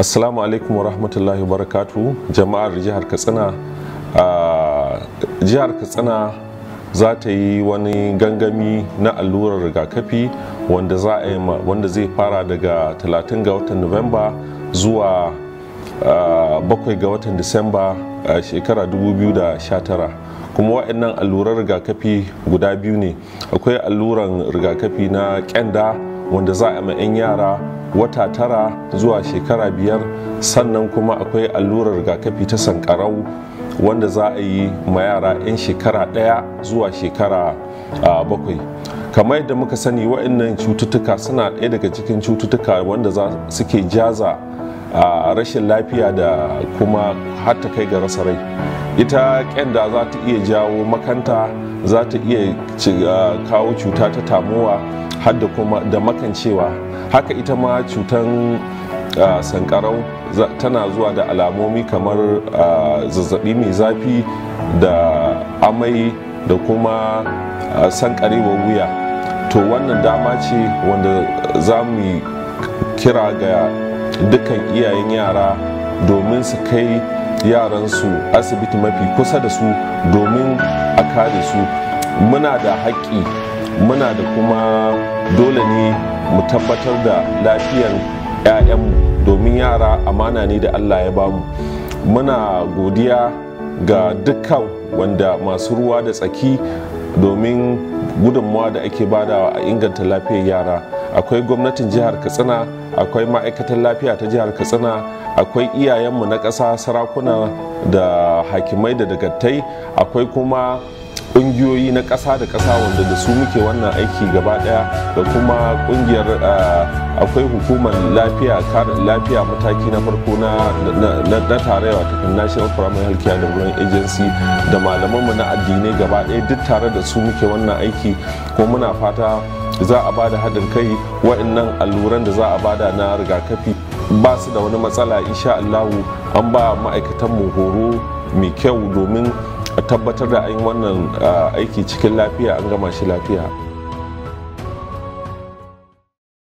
assalamu alaikum warahmatullahi barakatu jama'ar jihar katsina jihar katsina za ta yi wani gangami na allurar rigakafi wanda za a yi wanda zai fara daga 30 ga watan nuwamba zuwa bakwai ga watan disamba a shekara 2019 kuma waɗannan allurar rigakafi guda biyu ne akwai alluran rigakafi na ƙyanda wanda za a ma 'yan yara wata tara zuwa shekara biyar sannan kuma akwai allurar rigakafi ta sankarau wanda za a yi ma yara 'yan shekara ɗaya zuwa shekara bakwai kamar yadda muka sani waɗannan cututtuka suna ɗaya daga cikin cututtuka wanda suke jaza rashin lafiya da kuma hatta kai ga rasa rai ita kyanda za ta iya jawo makanta za ta iya kawo cuta ta tamowa har da kuma da makancewa haka ita ma cutan sankarau tana zuwa da alamomi kamar zazzabi mai zafi da amai da kuma sankarewa wuya to wannan dama ce wanda za mu kira ga dukkan iyayen yara domin su kai yaransu asibiti mafi kusa da su domin a kare su muna da haƙƙi muna da kuma dole ne mu tabbatar da lafiyar 'ya'yanmu domin yara amana ne da allah ya bamu muna godiya ga dukkan wanda masu ruwa da tsaki domin gudunmawa da ake badawa a inganta lafiyar yara akwai gwamnatin jihar katsina akwai ma'aikatar lafiya ta jihar katsina akwai iyayenmu na ƙasa sarakuna da hakimai da dagattai akwai kuma ƙungiyoyi na ƙasa da ƙasa wanda da su muke wannan aiki gaba ɗaya da kuma ƙungiyar eh, akwai hukumar lafiya lafiya mataki na farko na tarayya wato national primary health care development agency da malamanmu na addinai gaba ɗaya duk tare da su muke wannan aiki ko muna fata za a bada haɗin kai wa'annan alluran da za a bada na rigakafi ba su da wani matsala insha Allahu an ba ma'aikatan mu horo mai kyau domin a tabbatar da an yi wannan ah, aiki cikin lafiya an gama shi lafiya.